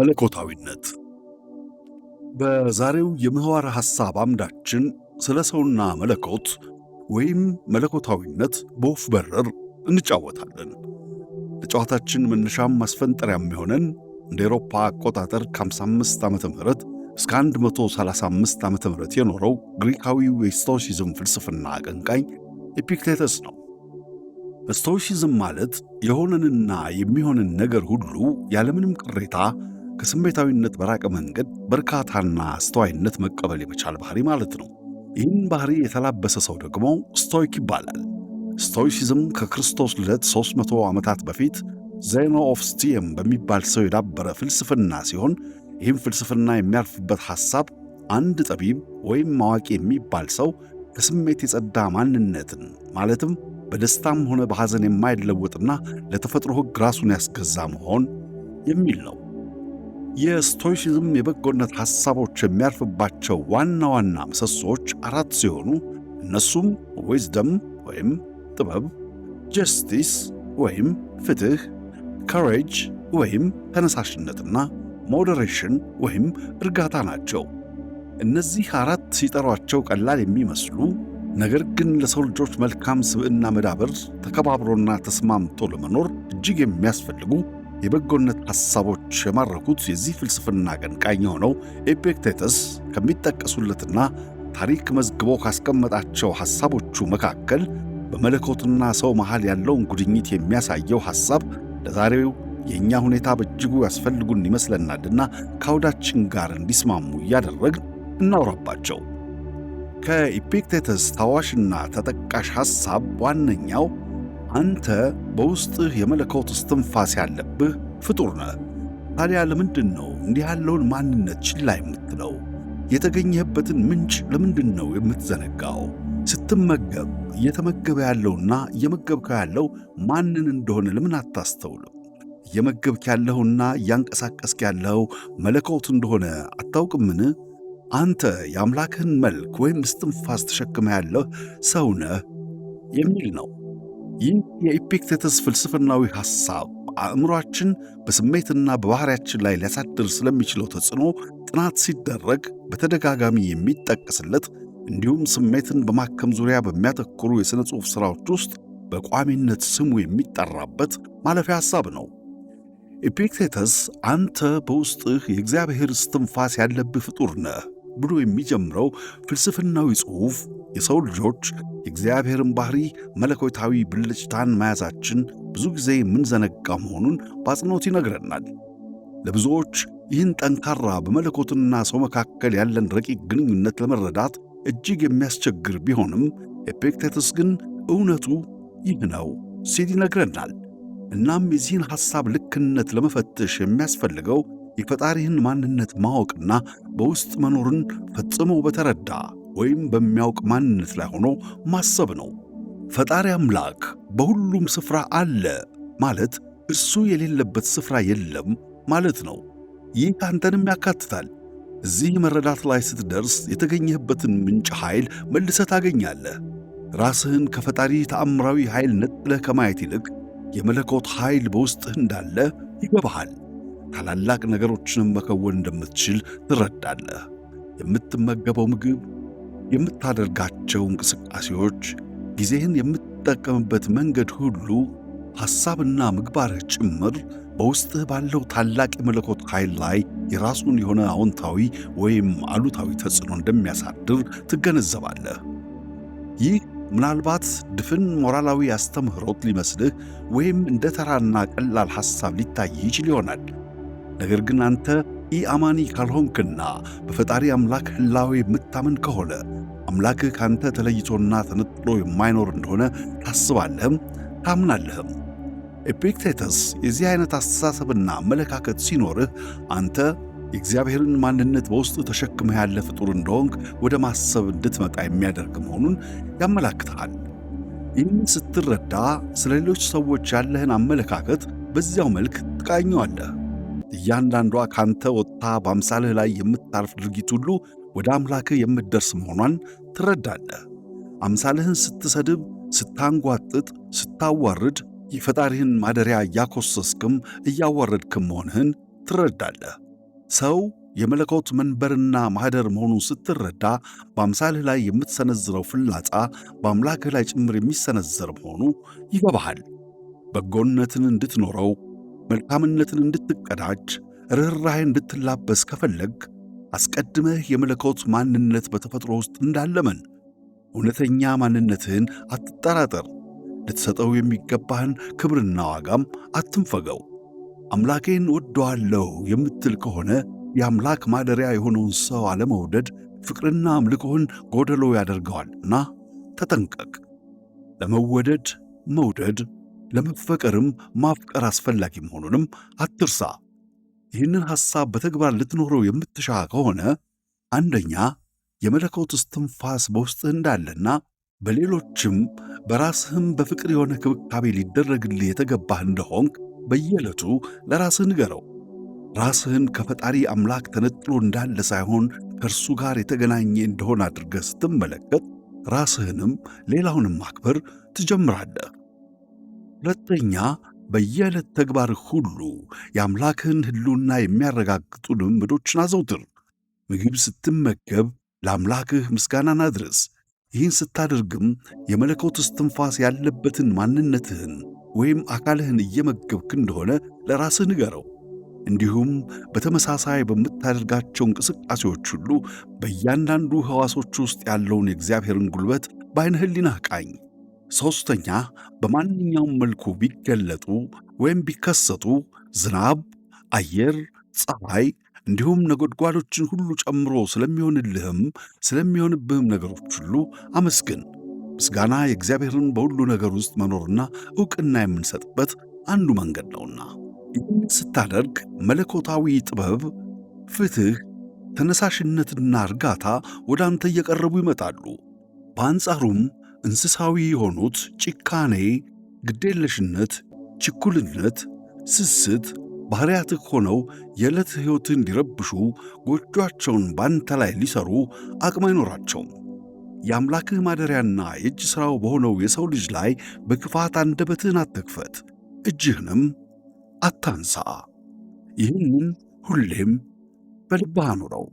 መለኮታዊነት በዛሬው የምህዋር ሐሳብ አምዳችን ስለ ሰውና መለኮት ወይም መለኮታዊነት በወፍ በረር እንጫወታለን። ለጨዋታችን መነሻም ማስፈንጠሪያም የሆነን እንደ ኤሮፓ አቆጣጠር ከ55 ዓመተ ምህረት እስከ 135 ዓመተ ምህረት የኖረው ግሪካዊው የስቶሲዝም ፍልስፍና አቀንቃኝ ኤፒክቴተስ ነው። ስቶሲዝም ማለት የሆነንና የሚሆንን ነገር ሁሉ ያለምንም ቅሬታ ከስሜታዊነት በራቀ መንገድ በርካታና አስተዋይነት መቀበል የመቻል ባህሪ ማለት ነው። ይህን ባህሪ የተላበሰ ሰው ደግሞ ስቶይክ ይባላል። ስቶይሲዝም ከክርስቶስ ልደት 300 ዓመታት በፊት ዜኖ ኦፍ ስቲየም በሚባል ሰው የዳበረ ፍልስፍና ሲሆን ይህም ፍልስፍና የሚያርፍበት ሐሳብ አንድ ጠቢብ ወይም አዋቂ የሚባል ሰው ከስሜት የጸዳ ማንነትን ማለትም በደስታም ሆነ በሐዘን የማይለወጥና ለተፈጥሮ ሕግ ራሱን ያስገዛ መሆን የሚል ነው። የስቶይሲዝም የበጎነት ሐሳቦች የሚያርፍባቸው ዋና ዋና ምሰሶዎች አራት ሲሆኑ እነሱም ዊዝደም ወይም ጥበብ፣ ጀስቲስ ወይም ፍትሕ፣ ካሬጅ ወይም ተነሳሽነትና ሞዴሬሽን ወይም እርጋታ ናቸው። እነዚህ አራት ሲጠሯቸው ቀላል የሚመስሉ ነገር ግን ለሰው ልጆች መልካም ስብዕና መዳበር ተከባብሮና ተስማምቶ ለመኖር እጅግ የሚያስፈልጉ የበጎነት ሐሳቦች የማረኩት የዚህ ፍልስፍና ቀንቃኝ የሆነው ኤፔክቴተስ ከሚጠቀሱለትና ታሪክ መዝግቦ ካስቀመጣቸው ሐሳቦቹ መካከል በመለኮትና ሰው መሃል ያለውን ጉድኝት የሚያሳየው ሐሳብ ለዛሬው የእኛ ሁኔታ በእጅጉ ያስፈልጉን ይመስለናልና ከአውዳችን ጋር እንዲስማሙ እያደረግን እናውራባቸው። ከኢፒክቴተስ ታዋሽና ተጠቃሽ ሐሳብ ዋነኛው አንተ በውስጥህ የመለኮት እስትንፋስ ያለብህ ፍጡር ነህ። ታዲያ ለምንድን ነው እንዲህ ያለውን ማንነት ችላ የምትለው? የተገኘህበትን ምንጭ ለምንድን ነው የምትዘነጋው? ስትመገብ እየተመገበ ያለውና እየመገብከው ያለው ማንን እንደሆነ ለምን አታስተውልም? እየመገብክ ያለውና እያንቀሳቀስክ ያለው መለኮት እንደሆነ አታውቅምን? አንተ የአምላክህን መልክ ወይም እስትንፋስ ተሸክመ ያለህ ሰው ነህ የሚል ነው። ይህ የኢፒክቴተስ ፍልስፍናዊ ሐሳብ አእምሯችን በስሜትና በባሕሪያችን ላይ ሊያሳድር ስለሚችለው ተጽዕኖ ጥናት ሲደረግ በተደጋጋሚ የሚጠቀስለት እንዲሁም ስሜትን በማከም ዙሪያ በሚያተኩሩ የሥነ ጽሑፍ ሥራዎች ውስጥ በቋሚነት ስሙ የሚጠራበት ማለፊያ ሐሳብ ነው። ኢፒክቴተስ አንተ በውስጥህ የእግዚአብሔር እስትንፋስ ያለብህ ፍጡር ነህ ብሎ የሚጀምረው ፍልስፍናዊ ጽሑፍ የሰው ልጆች የእግዚአብሔርን ባሕሪ መለኮታዊ ብልጭታን መያዛችን ብዙ ጊዜ የምንዘነጋ መሆኑን በአጽንኦት ይነግረናል። ለብዙዎች ይህን ጠንካራ በመለኮትና ሰው መካከል ያለን ረቂቅ ግንኙነት ለመረዳት እጅግ የሚያስቸግር ቢሆንም ኤፔክቴትስ ግን እውነቱ ይህ ነው ሲል ይነግረናል። እናም የዚህን ሐሳብ ልክነት ለመፈተሽ የሚያስፈልገው የፈጣሪህን ማንነት ማወቅና በውስጥ መኖርን ፈጽሞ በተረዳ ወይም በሚያውቅ ማንነት ላይ ሆኖ ማሰብ ነው። ፈጣሪ አምላክ በሁሉም ስፍራ አለ ማለት እሱ የሌለበት ስፍራ የለም ማለት ነው። ይህ አንተንም ያካትታል። እዚህ መረዳት ላይ ስትደርስ የተገኘህበትን ምንጭ ኃይል መልሰ ታገኛለህ። ራስህን ከፈጣሪ ተአምራዊ ኃይል ነጥለህ ከማየት ይልቅ የመለኮት ኃይል በውስጥህ እንዳለ ይገባሃል። ታላላቅ ነገሮችንም መከወን እንደምትችል ትረዳለህ። የምትመገበው ምግብ የምታደርጋቸው እንቅስቃሴዎች፣ ጊዜህን የምትጠቀምበት መንገድ ሁሉ ሐሳብና ምግባርህ ጭምር በውስጥህ ባለው ታላቅ የመለኮት ኃይል ላይ የራሱን የሆነ አዎንታዊ ወይም አሉታዊ ተጽዕኖ እንደሚያሳድር ትገነዘባለህ። ይህ ምናልባት ድፍን ሞራላዊ አስተምህሮት ሊመስልህ ወይም እንደ ተራና ቀላል ሐሳብ ሊታይ ይችል ይሆናል። ነገር ግን አንተ ኢ አማኒ ካልሆንክና በፈጣሪ አምላክ ህላዌ የምታምን ከሆነ አምላክህ ካንተ ተለይቶና ተነጥሎ የማይኖር እንደሆነ ታስባለህም ታምናለህም። ኤፒክቴተስ የዚህ አይነት አስተሳሰብና አመለካከት ሲኖርህ አንተ የእግዚአብሔርን ማንነት በውስጥ ተሸክመህ ያለ ፍጡር እንደሆንክ ወደ ማሰብ እንድትመጣ የሚያደርግ መሆኑን ያመላክትሃል። ይህን ስትረዳ ስለ ሌሎች ሰዎች ያለህን አመለካከት በዚያው መልክ ትቃኘዋለህ። እያንዳንዷ ካንተ ወጥታ በአምሳልህ ላይ የምታርፍ ድርጊት ሁሉ ወደ አምላክህ የምትደርስ መሆኗን ትረዳለህ። አምሳልህን ስትሰድብ፣ ስታንጓጥጥ፣ ስታዋርድ የፈጣሪህን ማደሪያ እያኮሰስክም እያዋረድክም መሆንህን ትረዳለህ። ሰው የመለኮት መንበርና ማኅደር መሆኑን ስትረዳ በአምሳልህ ላይ የምትሰነዝረው ፍላጻ በአምላክህ ላይ ጭምር የሚሰነዘር መሆኑ ይገባሃል። በጎነትን እንድትኖረው መልካምነትን እንድትቀዳጅ ርኅራኄ እንድትላበስ ከፈለግ አስቀድመህ የመለኮት ማንነት በተፈጥሮ ውስጥ እንዳለመን እውነተኛ ማንነትህን አትጠራጠር። ልትሰጠው የሚገባህን ክብርና ዋጋም አትንፈገው። አምላኬን ወደዋለሁ የምትል ከሆነ የአምላክ ማደሪያ የሆነውን ሰው አለመውደድ ፍቅርና አምልኮህን ጎደሎ ያደርገዋልና ተጠንቀቅ። ለመወደድ መውደድ፣ ለመፈቀርም ማፍቀር አስፈላጊ መሆኑንም አትርሳ። ይህንን ሐሳብ በተግባር ልትኖረው የምትሻ ከሆነ አንደኛ የመለኮት እስትንፋስ በውስጥህ እንዳለና በሌሎችም በራስህም በፍቅር የሆነ ክብካቤ ሊደረግልህ የተገባህ እንደሆንክ በየዕለቱ ለራስህ ንገረው። ራስህን ከፈጣሪ አምላክ ተነጥሎ እንዳለ ሳይሆን ከእርሱ ጋር የተገናኘ እንደሆነ አድርገህ ስትመለከት ራስህንም ሌላውንም ማክበር ትጀምራለህ። ሁለተኛ በየዕለት ተግባር ሁሉ የአምላክህን ሕልውና የሚያረጋግጡ ልምምዶችን አዘውትር። ምግብ ስትመገብ ለአምላክህ ምስጋናን አድርስ። ይህን ስታደርግም የመለኮት እስትንፋስ ያለበትን ማንነትህን ወይም አካልህን እየመገብክ እንደሆነ ለራስህ ንገረው። እንዲሁም በተመሳሳይ በምታደርጋቸው እንቅስቃሴዎች ሁሉ በእያንዳንዱ ሕዋሶች ውስጥ ያለውን የእግዚአብሔርን ጉልበት በዓይነ ሕሊናህ ቃኝ። ሦስተኛ በማንኛውም መልኩ ቢገለጡ ወይም ቢከሰቱ ዝናብ፣ አየር፣ ፀሐይ እንዲሁም ነጎድጓዶችን ሁሉ ጨምሮ ስለሚሆንልህም ስለሚሆንብህም ነገሮች ሁሉ አመስግን። ምስጋና የእግዚአብሔርን በሁሉ ነገር ውስጥ መኖርና ዕውቅና የምንሰጥበት አንዱ መንገድ ነውና ይህን ስታደርግ መለኮታዊ ጥበብ፣ ፍትሕ፣ ተነሳሽነትና እርጋታ ወደ አንተ እየቀረቡ ይመጣሉ። በአንጻሩም እንስሳዊ የሆኑት ጭካኔ፣ ግዴለሽነት፣ ችኩልነት፣ ስስት ባህሪያትህ ሆነው የዕለት ሕይወትን እንዲረብሹ ጎጆቸውን ባንተ ላይ ሊሠሩ አቅም አይኖራቸውም። የአምላክህ ማደሪያና የእጅ ሥራው በሆነው የሰው ልጅ ላይ በክፋት አንደበትህን አትክፈት፣ እጅህንም አታንሳ። ይህንን ሁሌም በልብህ አኑረው።